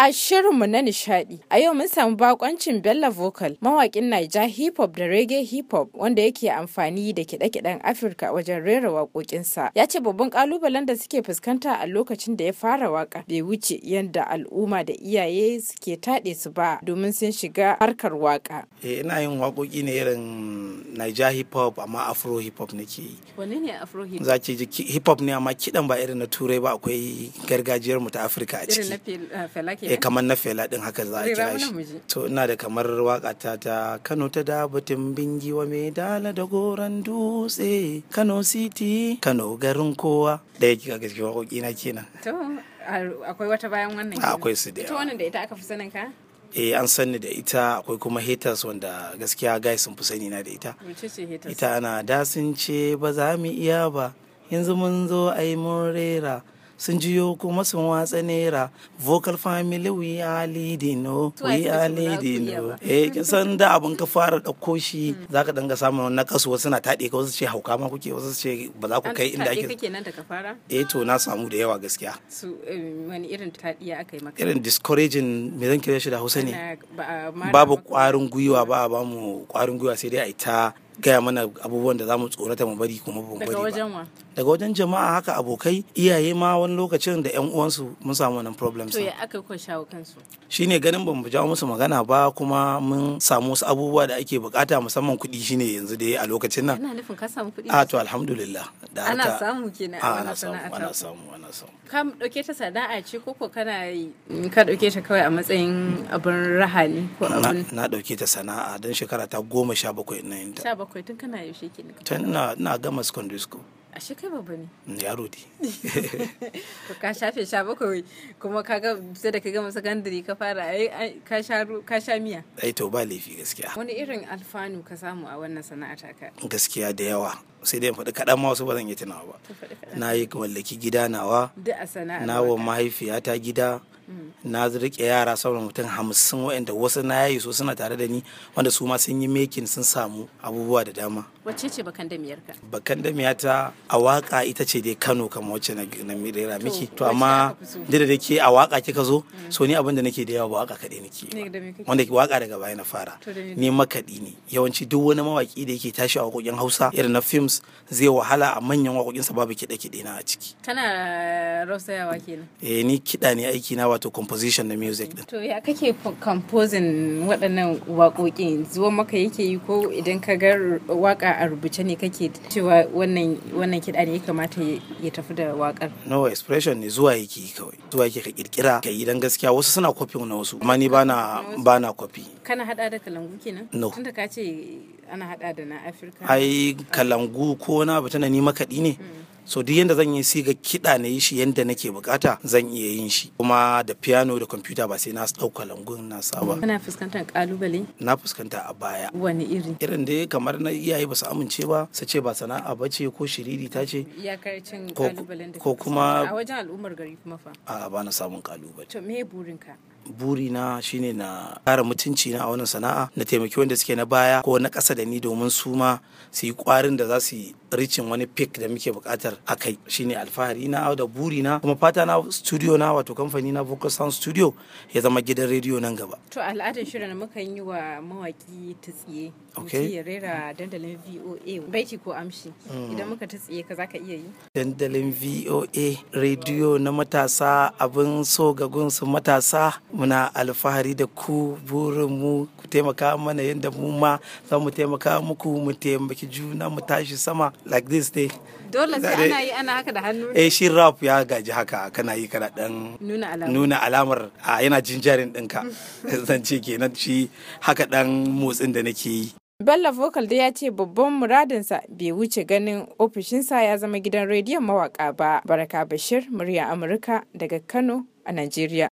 a shirinmu na nishadi. A yau mun samu bakoncin Bella Vocal, mawakin Naija hip hop da reggae hip hop wanda yake amfani da kiɗe-kiɗen Afirka wajen rera waƙoƙinsa. Ya ce babban kalubalen da suke fuskanta a lokacin da ya fara waka bai wuce yadda al'umma da iyaye suke taɗe su ba domin sun shiga harkar waka. Eh ina yin waƙoƙi ne irin Naija hip hop amma Afro hip hop ne Afro hip ji hip hop ne amma kiɗan ba irin na Turai ba akwai gargajiyar ta Afirka a ciki. eh kamar na fela din haka za a kira shi to ina da kamar waka ta ta Kano ta da batun bingi wa mai dala da goran dutse Kano city Kano garin kowa yake ga gaske waƙoƙi na kenan to akwai wata bayan wannan ah, akwai su da ita wannan da ita aka fi sanin ka eh an sani da ita akwai kuma haters wanda gaskiya guys sun fi sani na da ita ita ana da sun ce ba za mu iya ba yanzu mun zo ai mun rera sun jiyo kuma sun watsa naira vocal family we are leading no oh, we are leading no oh. eh kin san da abun ka fara dauko shi mm. zaka danga samun na wasu suna tade ka wasu ce hauka ma kuke wasu ce ba za ku kai inda ake kake nan da ka fara eh to na samu da yawa gaskiya su eh, wani irin tadiya aka yi maka irin discouraging me zan kira shi da Hausa ne ah, babu kwarin gwiwa ba ba mu kwarin gwiwa sai dai a ita gaya mana abubuwan da za mu tsorata mu bari kuma ban bari ba daga wajen jama'a haka abokai iyaye ma wani lokacin da yan uwansu mun samu wannan problems to ya aka ko shawo kansu shine ganin bamu jawo musu magana ba kuma mun samu wasu abubuwa da ake bukata musamman kuɗi shine yanzu dai a lokacin nan ina nufin ka samu kuɗi ah to alhamdulillah da haka ana samu kenan ana samu ana samu ana samu ka dauke ta sana'a ce ko ko kana ka dauke ta kawai a matsayin abin rahani ko abin na dauke ta sana'a don shekara ta goma sha bakwai na yin ta sha bakwai tun kana yaushe kenan tun na gama secondary school ashe kai babba ne yaro ne to ka shafe sha bakwai kuma ka ga sai da ka gama sakandare ka fara ai ka sha ka sha miya ai to ba laifi gaskiya wani irin alfanu ka samu a wannan sana'a ka gaskiya da yawa sai dai faɗi kaɗan ma wasu ba zan yi tunawa ba na yi mallaki gida nawa na wa mahaifiyata gida na rike yara sauran mutum hamsin waɗanda wasu na yayi so suna tare da ni wanda su ma sun yi mekin sun samu abubuwa da dama wacce ce bakan damiyarka bakan ta a waka ita ce dai kano kamar wacce na rera miki to amma da da ke a waka kika zo mm. so ni abin da nake da yawa ba waka kaɗai nake wanda waka daga baya na fara ni makaɗi ne yawanci duk wani mawaki da yake tashi a waƙoƙin hausa irin na films zai wahala a manyan sa babu kiɗe-kiɗe na a ciki kana rausayawa kenan eh ni kiɗa ne aiki na wato composition na music din. To ya kake composing waɗannan waƙoƙi zuwa maka yake yi ko idan ka ga waƙa a rubuce ne kake cewa wannan wannan kiɗa ne ya kamata ya tafi da waƙar. No expression ne zuwa yake yi kawai. Zuwa yake ka kirkira ka yi dan gaskiya wasu suna copy na wasu amma ni bana bana copy. Kana hada da kalangu kenan? No. Tunda ka ce ana hada da na Africa. Ai kalangu ko na batana ni makaɗi ne. Mm. so duk yadda zan yi siga kiɗa na yi shi yadda nake bukata zan iya yin shi kuma da piano da kwamfuta ba sai na ɗauka langun na saba kana fuskantar kalubale na fuskanta a baya wani iri irin da kamar na iyaye ba su amince ba su ce ba sana'a ba ce ko shiriri ta ce iyakarcin kalubalen da ko kuma a wajen al'ummar gari kuma fa a ba na samun kalubale to me burinka na shine na kara mutunci na a wannan sana'a na taimaki wanda suke na baya ko na ƙasa da ni domin su ma su yi ƙwarin da za su ricin wani pic da muke bukatar a kai shine alfahari na da buri na kuma fata na studio na wato kamfani na vocal sound studio ya zama gidan rediyo nan gaba to al'adar shirin mukan yi wa mawaki tsiye okay. ya rera dandalin voa baiti ko amshi hmm. idan muka ta tsiye ka zaka iya yi dandalin voa rediyo na matasa abin so ga gunsu matasa muna alfahari da ku burin mu taimaka mana yadda mu ma za mu taimaka muku mu taimaki juna mu tashi sama like this day. dole sai ana yi ana haka da hannu eh shi rap ya gaji haka kana yi kana dan nuna alamar a yana jinjarin ɗinka zan ce kenan shi haka dan motsin da nake yi Bella Vocal da ya ce babban muradinsa bai wuce ganin ofishinsa ya zama gidan rediyon mawaka ba. Baraka Bashir, murya Amurka daga Kano a Najeriya.